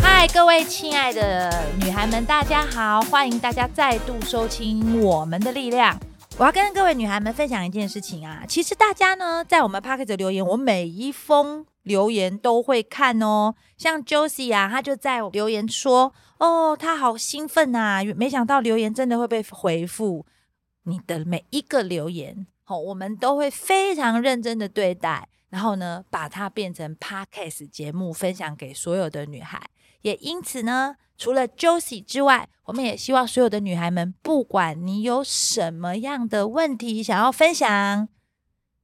嗨，各位親愛的女孩們，大家好！歡迎大家再度收聽我們的力量。我要跟各位女孩們分享一件事情啊，其實大家呢，在我們 podcast 留言，我每一封留言都會看哦。像 Josie 啊，她就在留言說，哦，她好興奮啊，沒想到留言真的會被回復。你的每一個留言，好、哦，我們都會非常認真的對待，然後呢，把它變成 podcast 節目，分享給所有的女孩。也因此呢，除了 Josie 之外，我們也希望所有的女孩們，不管你有什麼樣的問題想要分享，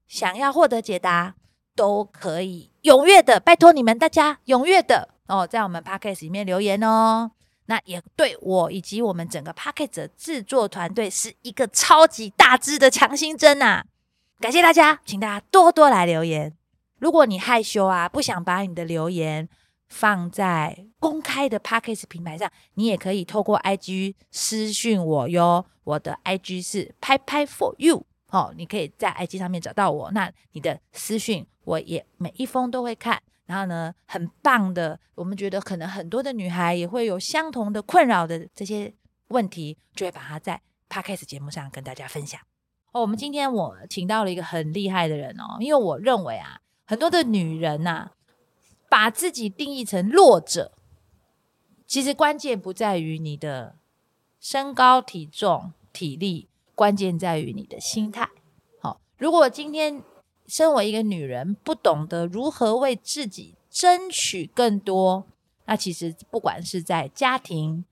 想要獲得解答，都可以踴躍的拜託你們大家踴躍的哦，在我們 podcast 裡面留言哦。那也對我以及我們整個 Podcast 的製作團隊是一個超級大支的強心針啊！感謝大家，請大家多多來留言。如果你害羞啊，不想把你的留言放在公開的 Podcast 平台上，你也可以透過 IG 私訊我喲。我的 IG 是拍拍 for you 哦，你可以在 IG 上面找到我。那你的私訊我也每一封都會看。然後呢，很棒的，我們覺得可能很多的女孩也會有相同的困擾的這些問題，就會把它在 podcast 節目上跟大家分享。哦，我們今天我請到了一個很厲害的人哦，因為我認為啊，很多的女人吶、啊，把自己定義成弱者，其實關鍵不在於你的身高、體重、體力，關鍵在於你的心態。好、哦，如果今天。身為一個女人，不懂得如何為自己爭取更多，那其實不管是在家庭、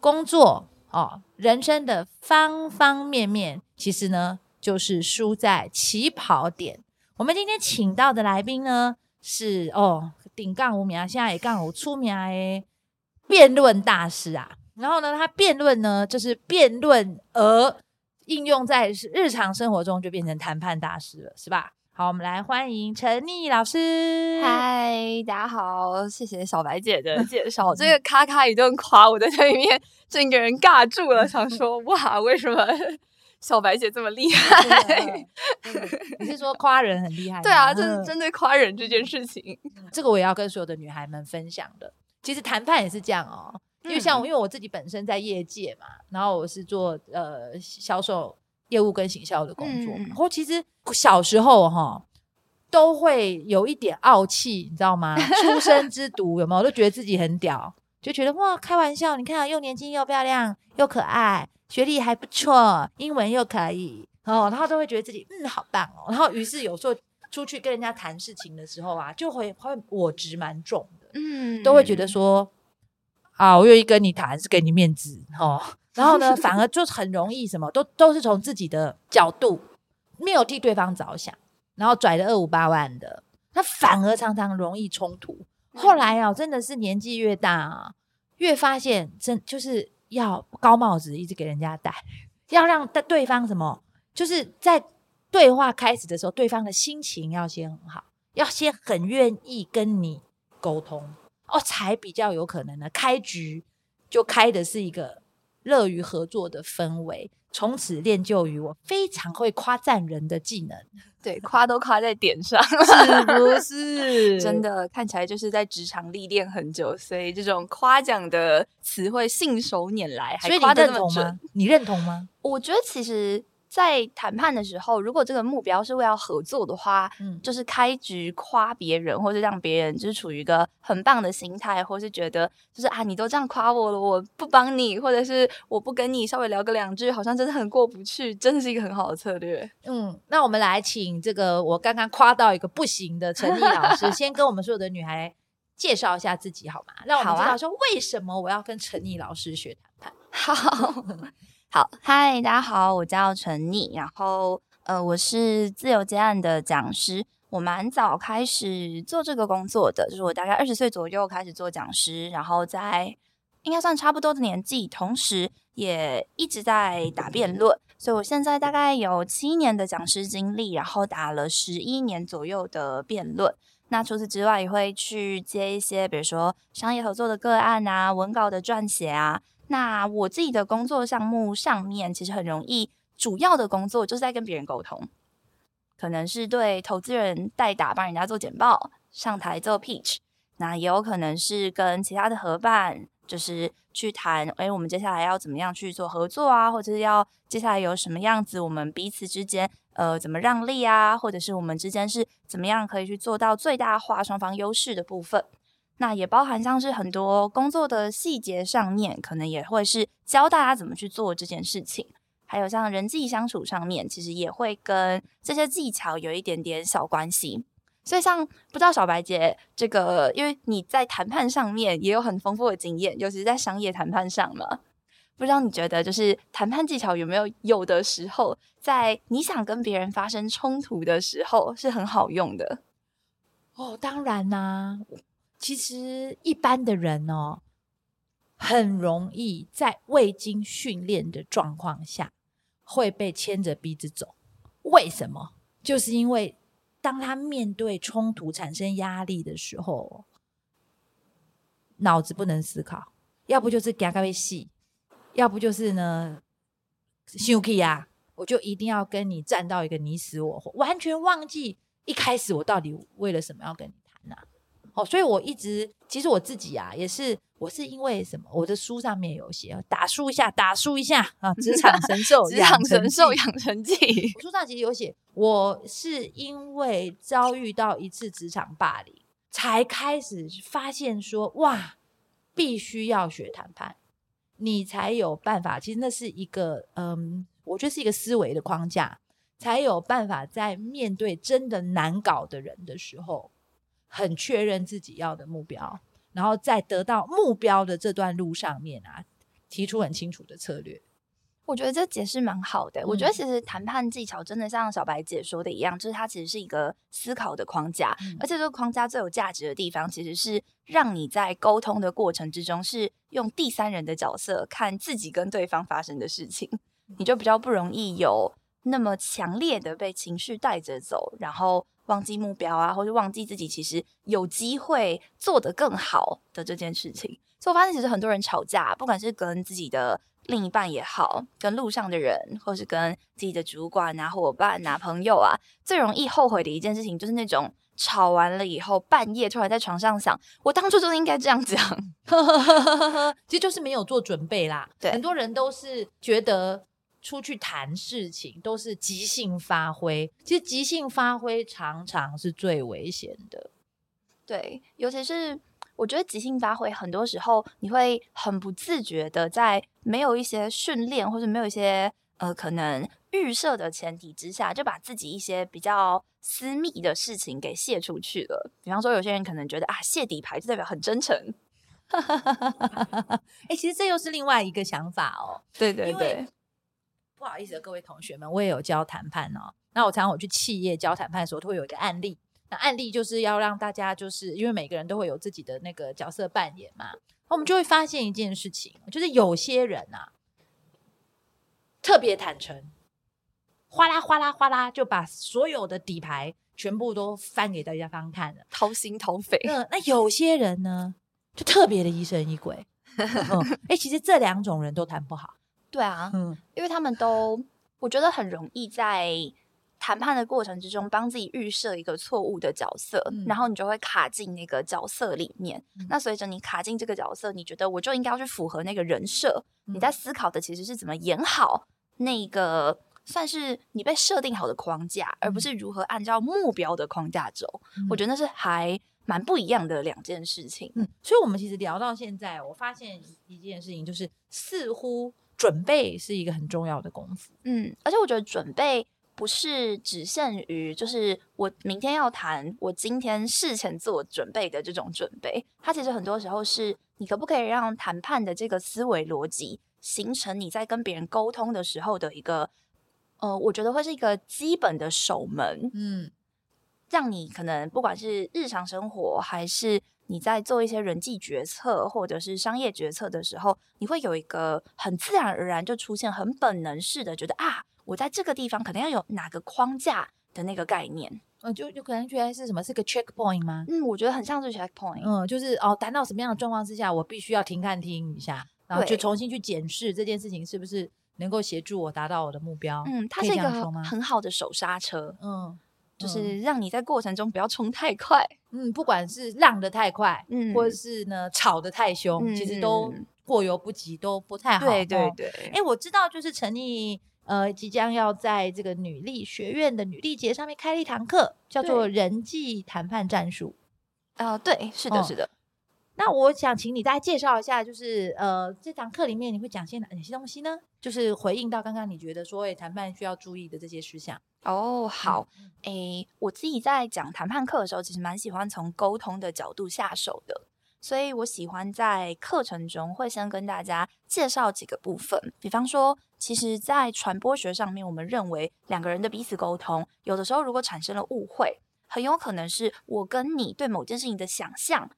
工作哦、人生的方方面面，其實呢，就是輸在起跑點。我們今天請到的來賓呢，是哦，頂港有名聲啊，現在也港有出名的辯論大師啊，然後呢，他辯論呢，就是辯論而。應用在日常生活中就變成談判大師了，是吧？好，我們來歡迎陳睨老師。嗨，大家好，謝謝小白姐的介紹。 這個咔咔一頓誇，我在這裡面整個人尬住了， 想說哇，為什麼小白姐這麼厲害？你是說誇人很厲害？對啊，這是針對誇人這件事情。 這個我也要跟所有的女孩們分享的。其實談判也是這樣哦。因為像，因為我自己本身在業界嘛，然後我是做呃銷售業務跟行銷的工作。然後其實小時候哈都會有一點傲氣，你知道嗎？出生之毒 有沒有？我都覺得自己很屌，就覺得哇，開玩笑！你看啊，又年輕又漂亮又可愛，學歷還不錯，英文又可以哦，然後都會覺得自己嗯好棒哦。然後於是有時候出去跟人家談事情的時候啊，就會會我執蠻重的，嗯，都會覺得說。嗯嗯啊，我願意跟你談是給你面子哦。然後呢，反而就很容易什麼都都是從自己的角度，沒有替對方着想，然後拽了二五八萬的，他反而常常容易衝突。嗯。後來啊，哦，真的是年紀越大啊，越發現真就是要高帽子一直給人家戴，要讓對方什麼，就是在對話開始的時候，對方的心情要先好，要先很願意跟你溝通。哦，才比較有可能呢，開局就開的是一個樂於合作的氛圍，從此練就於我非常會誇讚人的技能。對，誇都誇在點上，是不是？ 真的看起來就是在職場歷練很久，所以這種誇獎的詞彙信手拈來，還誇這麼準你嗎？你認同嗎？ 我覺得其實。在談判的時候，如果這個目標是為了合作的話，嗯，就是開局誇別人，或是讓別人就是處於一個很棒的心態，或是覺得就是啊，你都這樣誇我了，我不幫你，或者是我不跟你稍微聊個兩句，好像真的很過不去，真的是一個很好的策略。嗯，那我們來請這個我剛剛誇到一個不行的陳睨老師， 先跟我們所有的女孩介紹一下自己好嗎？讓我們知道說為什麼我要跟陳睨老師學談判。好啊。 好，嗨，大家好，我叫陳睨。然後呃，我是自由接案的講師。我蠻早開始做這個工作的，就是我大概二十歲左右開始做講師，然後在應該算差不多的年紀，同時也一直在打辯論。所以我現在大概有七年的講師經歷，然後打了十一年左右的辯論。那除此之外，也會去接一些，比如說商業合作的個案啊，文稿的撰寫啊。那我自己的工作項目上面，其實很容易，主要的工作就是在跟別人溝通，可能是對投資人代打，幫人家做簡報，上台做 pitch，那也有可能是跟其他的夥伴就是去談，誒、欸，我們接下來要怎麼樣去做合作啊，或者是要接下來有什麼樣子，我們彼此之間，呃，怎麼讓利啊，或者是我們之間是怎麼樣可以去做到最大化雙方優勢的部分。那也包含像是很多工作的細節上面，可能也會是教大家怎麼去做這件事情。還有像人際相處上面，其實也會跟這些技巧有一點點小關係。所以像不知道小白姐這個，因為你在談判上面也有很豐富的經驗，尤其是在商業談判上嘛。不知道你覺得就是談判技巧有沒有有的時候，在你想跟別人發生衝突的時候是很好用的？哦，當然啦、啊。其實，一般的人哦，很容易在未經訓練的狀況下會被牽着鼻子走。為什麼？就是因為當他面對衝突、產生壓力的時候，腦子不能思考，要不就是講特別細，要不就是呢，休氣啊，我就一定要跟你戰到一個你死我活，完全忘記一開始我到底為了什麼要跟你談吶、啊。哦、oh，所以我一直其實我自己啊，也是我是因為什麼？我的書上面有寫，打書一下，打書一下啊，職場神獸，職 場神獸養成記。我書上其實有寫，我是因為遭遇到一次職場霸凌，才開始發現說，哇，必須要學談判，你才有辦法。其實那是一個，嗯，我覺得是一個思維的框架，才有辦法在面對真的難搞的人的時候。很確認自己要的目標，然後在得到目標的這段路上面啊，提出很清楚的策略。我覺得這解釋蠻好的，嗯。我覺得其實談判技巧真的像小白姐說的一樣，就是它其實是一個思考的框架，嗯，而且這個框架最有價值的地方，其實是讓你在溝通的過程之中，是用第三人的角色看自己跟對方發生的事情，嗯，你就比較不容易有那麼強烈的被情緒帶着走，然後。忘記目標啊，或是忘記自己其實有機會做得更好的這件事情，所以我發現其實很多人吵架，不管是跟自己的另一半也好，跟路上的人，或是跟自己的主管啊、夥伴啊、朋友啊，最容易後悔的一件事情就是那種吵完了以後，半夜突然在床上想，我當初就應該這樣講， 其實就是沒有做準備啦。對，很多人都是覺得。出去談事情都是即興發揮，其實即興發揮常常是最危險的。對，尤其是我覺得即興發揮很多時候你會很不自覺的在沒有一些訓練或者沒有一些呃可能預設的前提之下，就把自己一些比較私密的事情給洩出去了。比方說，有些人可能覺得啊，洩底牌就代表很真誠。哎、 欸，其實這又是另外一個想法哦。對對對。不好意思啊，各位同學們，我也有教談判哦。那我常常我去企業教談判的時候，都會有一個案例。那案例就是要讓大家，就是因為每個人都會有自己的那個角色扮演嘛，我們就會發現一件事情，就是有些人啊特別坦誠，嘩啦嘩啦嘩啦就把所有的底牌全部都翻給大家方看了，掏心掏肺。嗯，那有些人呢就特別的疑神疑鬼。哎， 嗯，呃，欸，其實這兩種人都談不好。對啊，嗯，因為他們都，我覺得很容易在談判的過程之中幫自己預設一個錯誤的角色、嗯，然後你就會卡進那個角色裡面。嗯、那隨着你卡進這個角色，你覺得我就應該要去符合那個人設、嗯。你在思考的其實是怎麼演好那個算是你被設定好的框架、嗯，而不是如何按照目標的框架走、嗯。我覺得那是還蠻不一樣的兩件事情。嗯，所以我們其實聊到現在，我發現一件事情，就是似乎。準備是一個很重要的功夫。嗯，而且我覺得準備不是只限於，就是我明天要談，我今天事前做準備的這種準備。它其實很多時候是，你可不可以讓談判的這個思維邏輯形成你在跟別人溝通的時候的一個，呃，我覺得會是一個基本的守門。嗯，讓你可能不管是日常生活還是。你在做一些人際決策或者是商業決策的時候，你會有一個很自然而然就出現很本能式的覺得啊，我在這個地方可能要有哪個框架的那個概念，嗯，就，就可能覺得是什麼，是個 checkpoint 嗎？嗯，我覺得很像是 checkpoint，嗯，就是哦，達到什麼樣的狀況之下，我必須要停看聽一下，然後就重新去檢視這件事情是不是能夠協助我達到我的目標，嗯，它是一個很好的手剎車，嗯。就是讓你在過程中不要衝太快，嗯，不管是浪得太快，嗯，或者是呢吵得太凶、嗯，其實都過猶不及，都不太好。對對對。哎、哦欸，我知道，就是陳睨呃，即將要在這個女力學院的女力節上面開了一堂課，叫做《人際談判戰術》。啊、呃，對，是的，是的、哦。那我想請你再介紹一下，就是呃，這堂課裡面你會講些哪些東西呢？就是回應到剛剛你覺得說，誒、欸，談判需要注意的這些事項。哦，好，嗯，誒，我自己在講談判課的時候，其實蠻喜歡從溝通的角度下手的，所以我喜歡在課程中會先跟大家介紹幾個部分，比方說，其實，在傳播學上面，我們認為兩個人的彼此溝通，有的時候如果產生了誤會，很有可能是我跟你對某件事情的想象，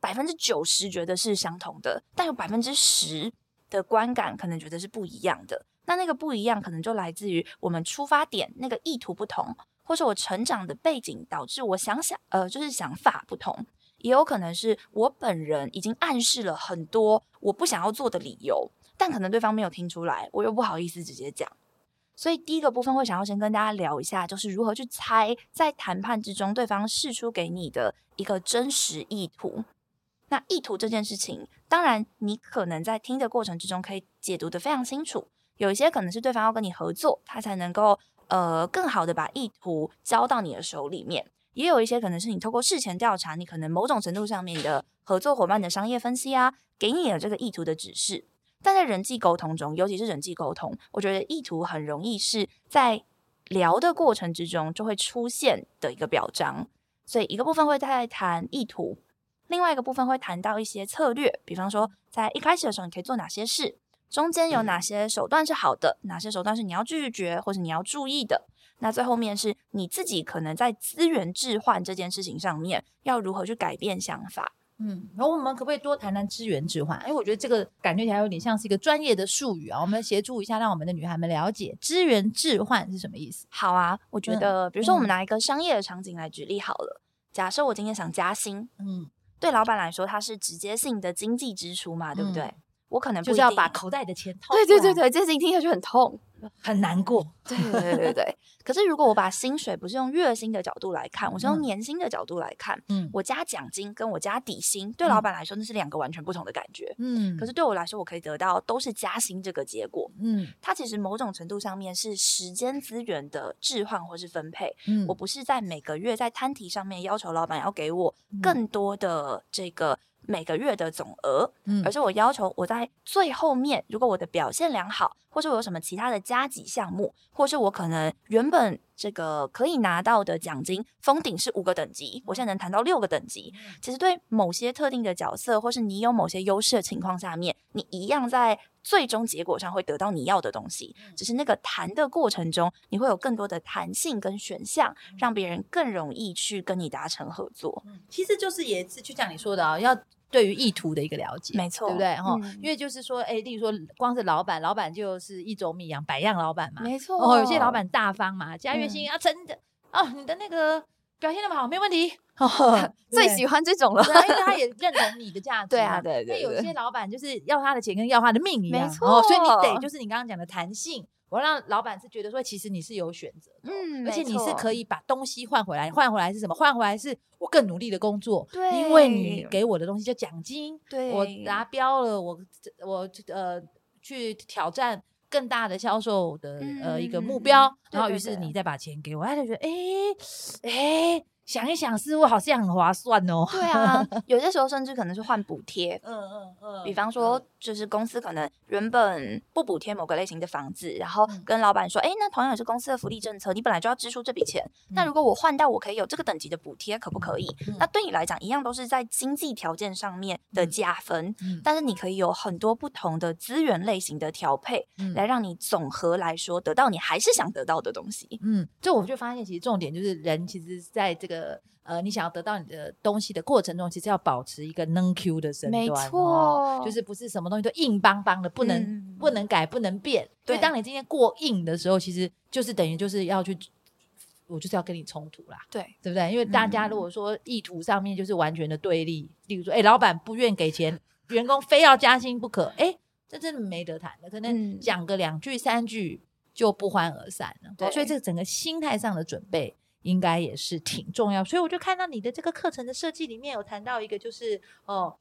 百分之九十覺得是相同的，但有百分之十的觀感可能覺得是不一樣的。那那個不一樣，可能就來自於我們出發點那個意圖不同，或者我成長的背景導致我想想，呃，就是想法不同，也有可能是我本人已經暗示了很多我不想要做的理由，但可能對方沒有聽出來，我又不好意思直接講。所以第一個部分會想要先跟大家聊一下，就是如何去猜在談判之中對方釋出給你的一個真實意圖。那意圖這件事情，當然你可能在聽的過程之中可以解讀得非常清楚。有一些可能是對方要跟你合作，他才能夠呃更好的把意圖交到你的手裡面。也有一些可能是你透過事前調查，你可能某種程度上面的合作夥伴的商業分析啊，給你了這個意圖的指示。但在人際溝通中，尤其是人際溝通，我覺得意圖很容易是在聊的過程之中就會出現的一個表彰。所以一個部分會在談意圖，另外一個部分會談到一些策略，比方說在一開始的時候你可以做哪些事。中間有哪些手段是好的？嗯，哪些手段是你要拒絕或者你要注意的？那最後面是你自己可能在資源置換這件事情上面要如何去改變想法？嗯，然後我們可不可以多談談資源置換？因為我覺得這個感覺起來有點像是一個專業的術語啊，我們協助一下，讓我們的女孩們了解資源置換是什麼意思。好啊，我覺得比如說我們拿一個商業的場景來舉例好了，嗯嗯，假設我今天想加薪，嗯，對老板來說它是直接性的經濟支出嘛，嗯，對不對？我可能不就是要把口袋的錢掏？對對對對，這事情聽下去很痛， 很難過。對對對對對。 可是如果我把薪水不是用月薪的角度來看，我是用年薪的角度來看，嗯，我加獎金跟我加底薪，嗯、對老板來說那是兩個完全不同的感覺，嗯。可是對我來說，我可以得到都是加薪這個結果，嗯。它其實某種程度上面是時間資源的置換或是分配，嗯。我不是在每個月在攤提上面要求老板要給我更多的這個。每個月的總額，而是我要求我在最後面，如果我的表現良好，或是我有什麼其他的加給項目，或是是我可能原本這個可以拿到的獎金封頂是五個等級，我現在能談到六個等級。其實對某些特定的角色，或是你有某些優勢的情況下面，你一樣在最終結果上會得到你要的東西，只是那個談的過程中，你會有更多的彈性跟選項，讓別人更容易去跟你達成合作。其實就是也是就像你說的啊、哦，要。對於意圖的一個了解，沒錯，對不對？哈、嗯，因為就是說，哎，例如說，光是老板，老板就是一種米養百樣老板嘛，沒錯。哦、有些老板大方嘛，加月薪啊，真、嗯、的，哦，你的那個表現那麼好，沒問題，哦， 最喜歡這種了，對因為他也認同你的價值。 對啊，對對,對，因為有些老板就是要他的錢跟要他的命一樣，沒錯，哦、所以你得就是你剛剛講的彈性。我讓老板是覺得說，其實你是有選擇的、嗯，而且你是可以把東西換回來，換、嗯、回來是什麼？換回來是我更努力的工作，對，因為你給我的東西叫獎金，對，我達標了，我我呃去挑戰更大的銷售的、嗯、呃一個目標，嗯、然後於是你再把錢給我，他就覺得哎哎。欸欸想一想，似乎好像很划算哦。對啊， 有些時候甚至可能是換補貼。嗯嗯嗯。比方說，就是公司可能原本不補貼某個類型的房子，然後跟老板說：“哎、嗯欸，那同樣也是公司的福利政策，你本來就要支出這筆錢、嗯。那如果我換到我可以有這個等級的補貼，可不可以？嗯、那對你來講，一樣都是在經濟條件上面的加分、嗯。但是你可以有很多不同的資源類型的調配、嗯，來讓你總和來說得到你還是想得到的東西。嗯，就我就發現，其實重點就是人，其實在這個。呃，呃，你想要得到你的東西的過程中，其實要保持一個軟 Q 的身段，沒錯、哦，就是不是什麼東西都硬邦邦的，不能、嗯、不能改，不能變，對。所以當你今天過硬的時候，其實就是等於就是要去，我就是要跟你衝突啦，對，對不對？因為大家如果說意圖上面就是完全的對立，嗯、例如說，哎、欸，老闆不願給錢，員工非要加薪不可，哎，這真的沒得談的，可能講個兩句三句就不歡而散了。對、嗯哦，所以這個整個心態上的準備。應該也是挺重要，所以我就看到你的這個課程的設計裡面有談到一個，就是哦，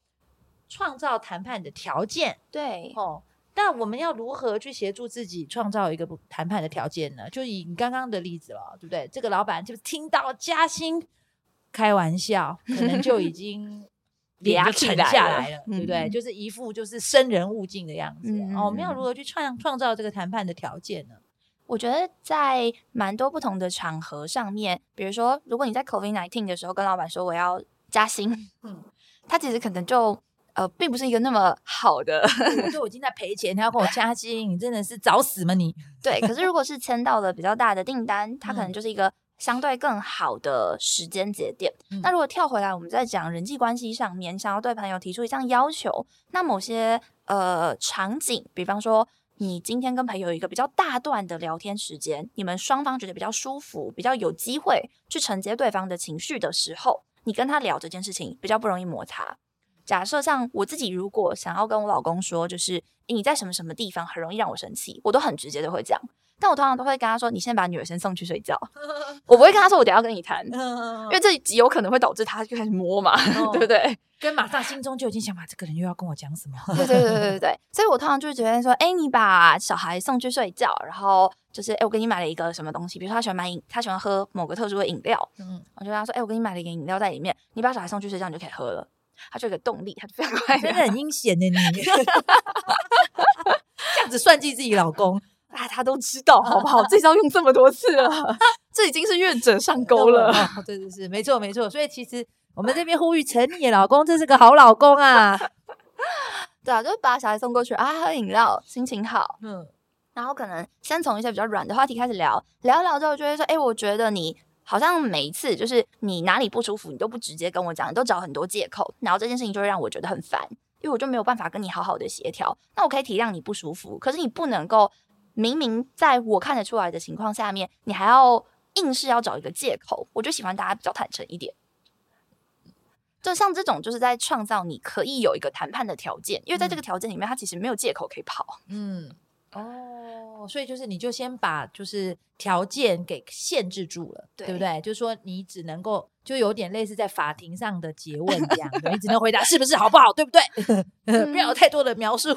創造談判的條件，對，哦，但我們要如何去協助自己創造一個談判的條件呢？就以你剛剛的例子了、哦，對不對？這個老板就聽到加薪開玩笑， 可能就已經臉沉 下來了， 對不對？就是一副就是生人勿近的樣子、嗯。哦，我們要如何去創創造這個談判的條件呢？我覺得在蠻多不同的場合上面，比如說，如果你在 COVID-19 的時候跟老板說我要加薪，嗯，他其實可能就呃，並不是一個那麼好的， 我就我已經在賠錢，他要跟我加薪， 你真的是找死嗎你？對，可是如果是簽到了比較大的訂單，他可能就是一個相對更好的時間節點。嗯，那如果跳回來，我們再講人際關係上面，想要對朋友提出一項要求，那某些呃場景，比方說。你今天跟朋友有一個比較大段的聊天時間，你們雙方覺得比較舒服、比較有機會去承接對方的情緒的時候，你跟他聊這件事情比較不容易摩擦。假設像我自己，如果想要跟我老公說，就是。你在什麼什麼地方很容易讓我生氣，我都很直接的會講。但我通常都會跟他說，你先把女兒先送去睡覺。 我不會跟他說我等下要跟你談，因為這極有可能會導致他就開始摸嘛，哦、 對不對？跟馬上心中就已經想，哇，這個人又要跟我講什麼？ 對對對對對，對所以我通常就是覺得說，哎、欸，你把小孩送去睡覺，然後就是，哎、欸，我給你買了一個什麼東西，比如說他喜歡買飲，他喜歡喝某個特殊的飲料，嗯，我就跟他說，哎、欸，我給你買了一個飲料在裡面，你把小孩送去睡覺，你就可以喝了。他就有個動力，他就非常乖。真的很陰險呢你！ 這樣子算計自己老公啊，他都知道好不好？ 這招用這麼多次了， 這已經是願者上鈎了。 對，啊、對，對對對，沒錯沒錯。所以其實我們這邊呼籲，陳睨 老公真是個好老公啊。 對啊，就是、把小孩送過去啊，喝飲料，心情好。嗯，然後可能先從一些比較軟的話題開始聊，聊一聊之後，就會說，哎、欸，我覺得你。好像每一次就是你哪裡不舒服，你都不直接跟我講，你都找很多借口，然後這件事情就會讓我覺得很煩，因為我就沒有辦法跟你好好的協調。那我可以體諒你不舒服，可是你不能夠明明在我看得出來的情況下面，你還要硬是要找一個借口。我就喜歡大家比較坦誠一點，就像這種就是在創造你可以有一個談判的條件，因為在這個條件裡面，他其實沒有借口可以跑。嗯。哦、oh，所以就是你就先把就是條件給限制住了，對，對不對？就是說你只能夠，就有點類似在法庭上的詰問一樣， 你只能回答是不是好不好， 對不對、 嗯，不要有太多的描述。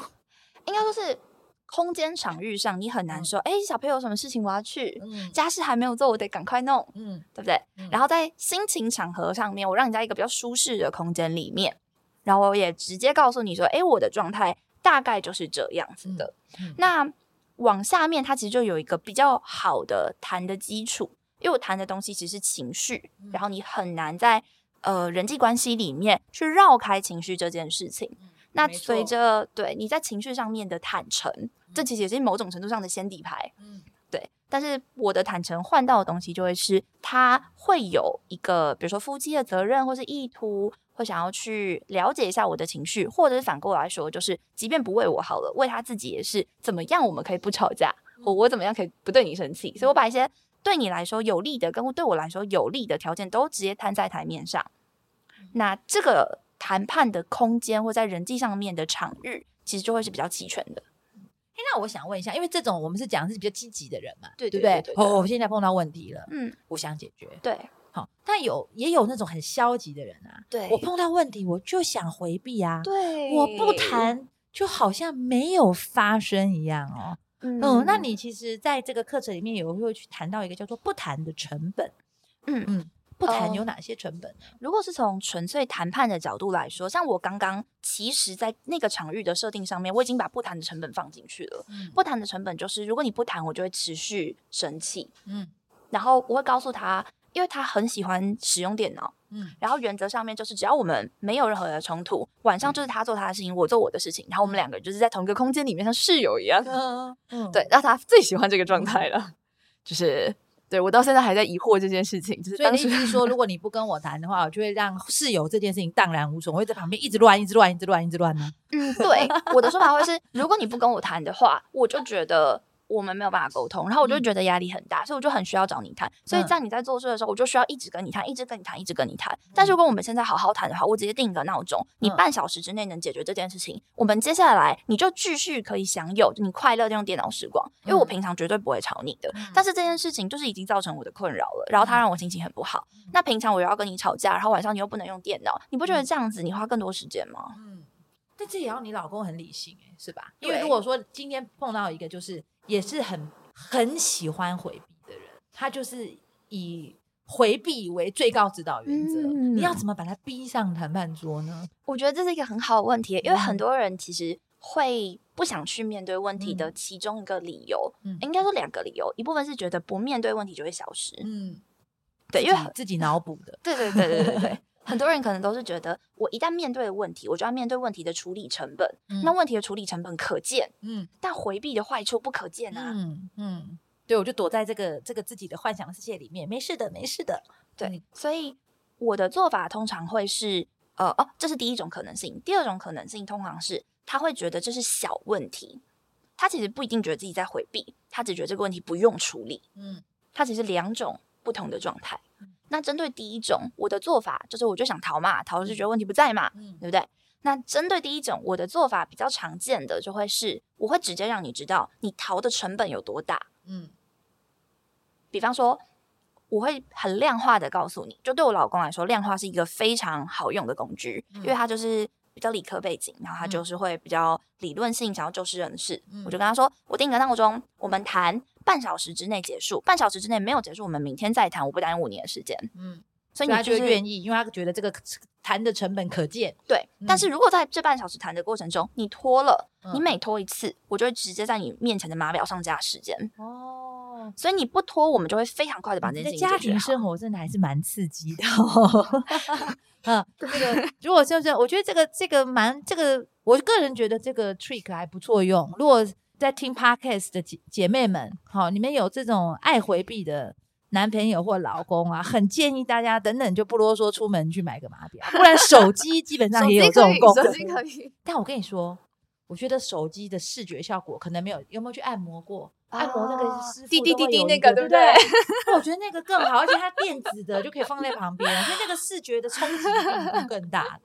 應該說是空間場域上，你很難說，哎、嗯欸，小朋友，什麼事情我要去。嗯，家事還沒有做，我得趕快弄，嗯，對不對？嗯、然後在心情場合上面，我讓你在一個比較舒適的空間裡面，然後我也直接告訴你說，哎、欸，我的狀態。大概就是這樣子的，嗯嗯、那往下面，它其實就有一個比較好的談的基礎，因為我談的東西其實是情緒、嗯，然後你很難在呃人際關係裡面去繞開情緒這件事情。嗯、那隨着對你在情緒上面的坦誠、嗯，這其實也是某種程度上的先底牌。嗯對，但是我的坦誠換到的東西就會是，他會有一個，比如說夫妻的責任，或是意圖，會想要去了解一下我的情緒，或者是反過來說，就是即便不為我好了，為他自己也是，怎麼樣我們可以不吵架？我我怎麼樣可以不對你生氣？所以我把一些對你來說有利的，跟對我來說有利的條件，都直接攤在台面上。那這個談判的空間，或在人際上面的場域，其實就會是比較齊全的。那我想問一下，因為這種我們是講的是比較積極的人嘛，對對對、對、對、對。我、哦、我現在碰到問題了，嗯，我想解決，對。好、哦，但有也有那種很消極的人啊，對，我碰到問題我就想回避啊，對，我不談就好像沒有發生一樣哦，嗯，哦、那你其實在這個課程裡面有沒有去談到一個叫做不談的成本，嗯嗯。不談有哪些成本？Oh, 如果是從純粹談判的角度來說，像我剛剛，其實在那個場域的設定上面，我已經把不談的成本放進去了。嗯、不談的成本就是，如果你不談，我就會持續生氣。嗯，然後我會告訴他，因為他很喜歡使用電腦。嗯，然後原則上面就是，只要我們沒有任何的衝突，晚上就是他做他的事情，嗯、我做我的事情，然後我們兩個就是在同一個空間裡面，像室友一樣。嗯，對，那他最喜歡這個狀態了、嗯，就是。對，我到現在還在疑惑這件事情。就是、的所以那就是說呵呵，如果你不跟我談的話，我就會讓室友這件事情蕩然無存。我會在旁邊一直亂，一直亂，一直亂，一直亂嗎、啊？嗯，對，我的說法會是， 如果你不跟我談的話，我就覺得。 我們沒有辦法溝通，然後我就覺得壓力很大，嗯、所以我就很需要找你談、嗯。所以在你在做事的時候，我就需要一直跟你談，一直跟你談，一直跟你談、嗯。但是如果我們現在好好談的話，我直接定一個鬧鐘，你半小時之內能解決這件事情，嗯、我們接下來你就繼續可以享有你快樂用電腦時光、嗯。因為我平常絕對不會吵你的、嗯，但是這件事情就是已經造成我的困擾了，然後他讓我心情很不好。嗯、那平常我又要跟你吵架，然後晚上你又不能用電腦，你不覺得這樣子你花更多時間嗎？嗯，但這也要你老公很理性、欸、是吧？因為如果說今天碰到一個就是。也是很很喜歡回避的人，他就是以回避為最高指導原則，嗯。你要怎麼把他逼上談判桌呢？我覺得這是一個很好的問題，因為很多人其實會不想去面對問題的其中一個理由，嗯，嗯，欸，應該說兩個理由，一部分是覺得不面對問題就會消失，嗯，對，因為自己腦補的，對對對對對對，對。 很多人可能都是覺得，我一旦面對了問題，我就要面對問題的處理成本。嗯、那問題的處理成本可見，嗯，但回避的壞處不可見啊。嗯嗯，對，我就躲在這個這個自己的幻想世界裡面，沒事的，沒事的。對，嗯、所以我的做法通常會是，呃哦，這是第一種可能性，第二種可能性通常是他會覺得這是小問題，他其實不一定覺得自己在回避，他只覺得這個問題不用處理。嗯，他其實兩種不同的狀態。那針對第一種，我的做法就是我就想逃嘛，逃就覺得問題不在嘛、嗯，對不對？那針對第一種，我的做法比較常見的就會是，我會直接讓你知道你逃的成本有多大，嗯，比方說我會很量化的告訴你，就對我老公來說，量化是一個非常好用的工具、嗯，因為他就是比較理科背景，然後他就是會比較理論性，想要就事論事、嗯，我就跟他說，我定一個鬧鐘，我們談。半小時之內結束，半小時之內沒有結束，我們明天再談。我不耽誤你的時間。嗯，所以你就是願意，因為他覺得這個談的成本可見。對、嗯，但是如果在這半小時談的過程中，你拖了、嗯，你每拖一次，我就會直接在你面前的碼表上加時間。哦、嗯，所以你不拖，我們就會非常快的把這件事情解決。家庭生活真的還是蠻刺激的、哦。 嗯， 這個、如果就是，我覺得這個這個蠻這個，我個人覺得這個 trick 還不錯用。如果在聽 podcast 的姐姐妹們，好，你們有這種愛回避的男朋友或老公啊？很建議大家等等就不囉嗦，出門去買個馬表，不然手機基本上也有這種功能。 手機可,可以，但我跟你說。我覺得手機的視覺效果可能沒有，有沒有去按摩過？按摩那個師傅滴滴滴滴那個，對不對，對？我覺得那個更好，而且它電子的就可以放在旁邊，所以那個視覺的衝擊力更，更大。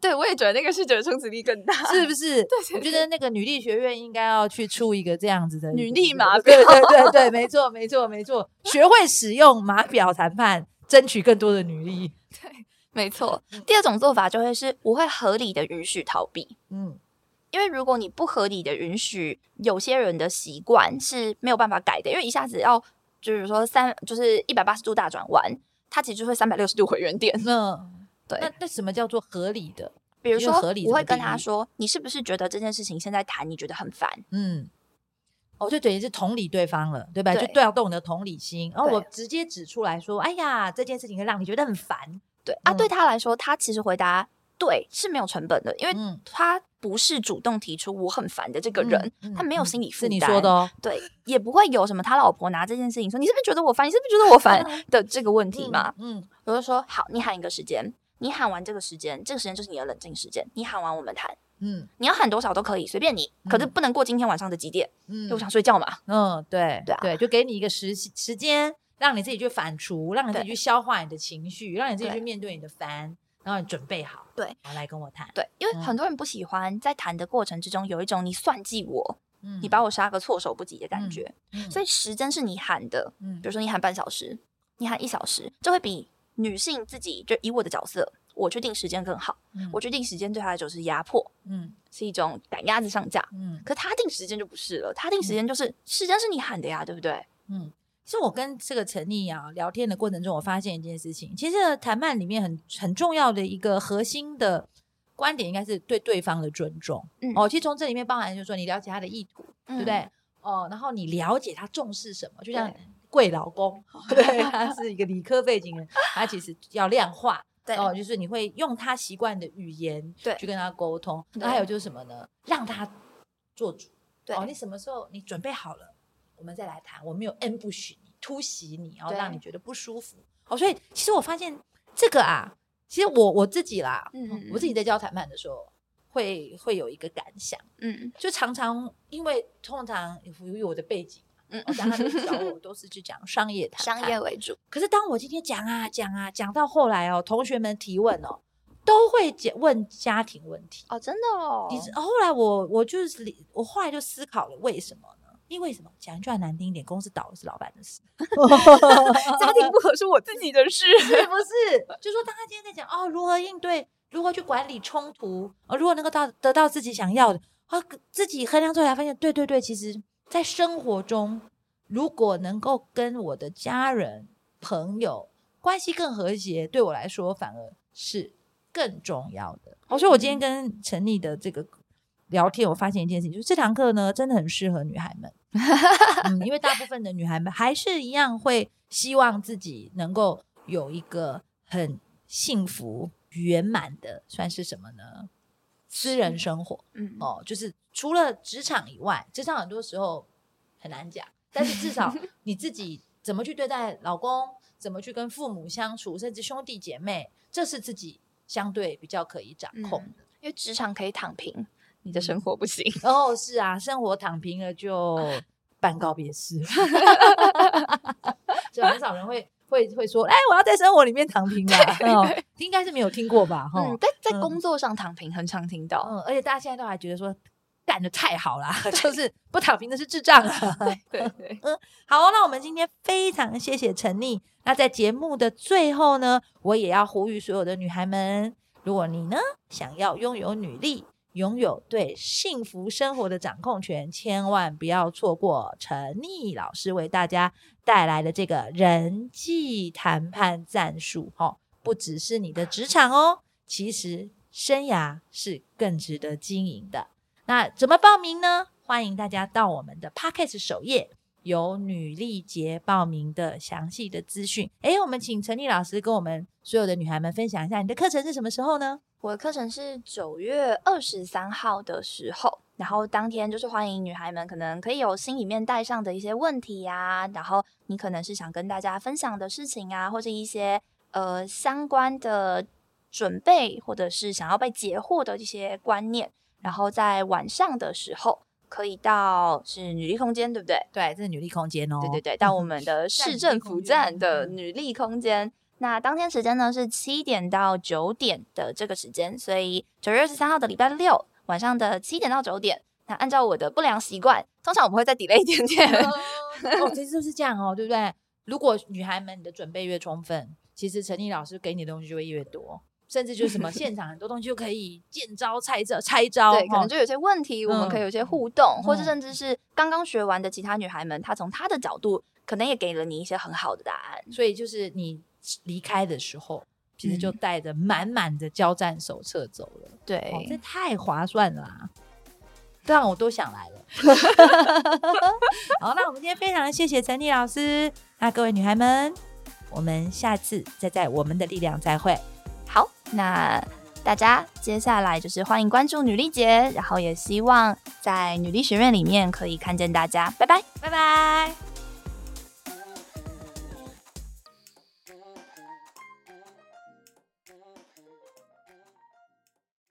對，我也覺得那個視覺衝擊力更大，是不是？對對，我覺得那個女力學院應該要去出一個這樣子的女力碼表，對對對對，對，沒錯沒錯沒錯，沒錯。學會使用碼表談判，爭取更多的女力。對，沒錯。第二種做法就會是，我會合理的允許逃避。嗯。因為如果你不合理的允許，有些人的習慣是沒有辦法改的，因為一下子要就是說三就是一百八十度大轉彎，他其實就會三百六十度回原點。嗯，對。那那什麼叫做合理的？比如說合理，我會跟他說：“你是不是覺得這件事情現在談你覺得很煩？”嗯，我就等於是同理對方了，對吧？對，就調動你的同理心，然、哦、後我直接指出來說：“哎呀，這件事情會讓你覺得很煩。對”對、嗯、啊，對他來說，他其實回答對是沒有成本的，因為他。嗯不是主動提出我很煩的這個人、嗯嗯，他沒有心理負擔。是你說的哦，對，也不會有什麼他老婆拿這件事情說， 你是不是覺得我煩？你是不是覺得我煩的這個問題嘛、嗯？嗯，我就說好，你喊一個時間，你喊完這個時間，這個時間就是你的冷靜時間，你喊完我們談。嗯，你要喊多少都可以，隨便你，可是不能過今天晚上的幾點。嗯，我想睡覺嘛。嗯，對對、啊、對，就給你一個時時間，讓你自己去反芻，讓你自己去消化你的情緒，讓你自己去面對你的煩。然後你準備好，對好，來跟我談，對，因為很多人不喜歡在談的過程之中有一種你算計我，嗯、你把我殺個措手不及的感覺，嗯嗯、所以時間是你喊的、嗯，比如說你喊半小時，你喊一小時，這會比女性自己就以我的角色，我決定時間更好，嗯、我決定時間對她的就是壓迫，嗯，是一種趕鴨子上架，嗯，可他定時間就不是了，他定時間就是時間是你喊的呀，對不對？嗯。其實我跟這個陳睨啊聊天的過程中，我發現一件事情。其實這個談判裡面很很重要的一個核心的觀點，應該是對對方的尊重。嗯。哦，其實從這裡面包含就是說，你了解他的意圖，嗯，對不對？哦，然後你了解他重視什麼。就像貴老公，他是一個理科背景人， 他其實要量化，對。哦，就是你會用他習慣的語言去跟他溝通。還有就是什麼呢？讓他做主。對哦，你什麼時候你準備好了？我們再來談，我沒有 ambush 你突襲你，然、哦、後讓你覺得不舒服。哦，所以其實我發現這個啊，其實我我自己啦，嗯，我自己在教談判的時候，會會有一個感想，嗯，就常常因為通常由於我的背景，嗯，講很候我 都是去講商業談的，商業為主。可是當我今天講啊講啊講到後來哦，同學們提問哦，都會解問家庭問題哦，真的哦。你後來我我就是我後來就思考了，為什麼？因為什麼？講一句話難聽一點，公司倒了是老闆的事， 家庭不合是我自己的事， 是不是？就說大家今天在講哦，如何應對，如何去管理衝突，啊、哦，如果能夠到得到自己想要的，啊、哦，自己衡量出來，發現，對對對，其實在生活中，如果能夠跟我的家人、朋友關係更和諧，對我來說反而是更重要的。我、哦、說我今天跟陳睨的這個。嗯聊天我發現一件事情，就是這堂課呢真的很適合女孩們， 嗯，因為大部分的女孩們還是一樣會希望自己能夠有一個很幸福圓滿的，算是什麼呢？私人生活，嗯，哦，就是除了職場以外，職場很多時候很難講，但是至少你自己怎麼去對待老公， 怎麼去跟父母相處，甚至兄弟姐妹，這是自己相對比較可以掌控的，嗯，因為職場可以躺平。你的生活不行。嗯， 哦，是啊，生活躺平了就辦、嗯、告別式，就很少人會會會說，哎、欸，我要在生活裡面躺平了、啊 哦、應該是沒有聽過吧，哈、哦，在、嗯、在工作上躺平，很常聽到，嗯，嗯，而且大家現在都還覺得說幹得太好了，就是不躺平的是智障啊對 對對，對，嗯，好、哦，那我們今天非常謝謝陳睨，那在節目的最後呢，我也要呼籲所有的女孩們，如果你呢想要擁有女力。擁有對幸福生活的掌控權，千萬不要錯過陳睨老師為大家帶來的這個人際談判戰術哦，不只是你的職場哦，其實生涯是更值得經營的。那怎麼報名呢？歡迎大家到我們的 Podcast 首頁，有女力節報名的詳細的資訊。誒，我們請陳睨老師跟我們所有的女孩們分享一下，你的課程是什麼時候呢？我的課程是九月二十三號的時候，然後當天就是歡迎女孩們，可能可以有心裡面帶上的一些問題啊，然後你可能是想跟大家分享的事情啊，或者一些呃相關的準備，或者是想要被解惑的一些觀念，然後在晚上的時候可以到是女力空間，對不對？對，這是女力空間哦，對對對，到我們的市政府站的女力空間。 嗯那當天時間呢是七點到九點的這個時間，所以九月二十三號的禮拜六晚上的七點到九點。那按照我的不良習慣，通常我不會再 delay 一點點。呃、 哦，其實就是這樣哦，對不對？如果女孩們你的準備越充分，其實陳睨老師給你的東西就會越多，甚至就是什麼現場很多東西就可以見招拆招拆招，招，招、 哦。對，可能就有些問題，嗯、我們可以有些互動，或者甚至是剛剛學完的其他女孩們，她從她的角度可能也給了你一些很好的答案。所以就是你。離開的時候，其實就帶着滿滿的交戰手冊走了。嗯、對、哦，這太划算了、啊，讓我都想來了。 好，那我們今天非常的謝謝陳睨老師。那各位女孩們，我們下次再在我們的力量再會。好，那大家接下來就是歡迎關注女力節，然後也希望在女力學院裡面可以看見大家。拜拜，拜拜。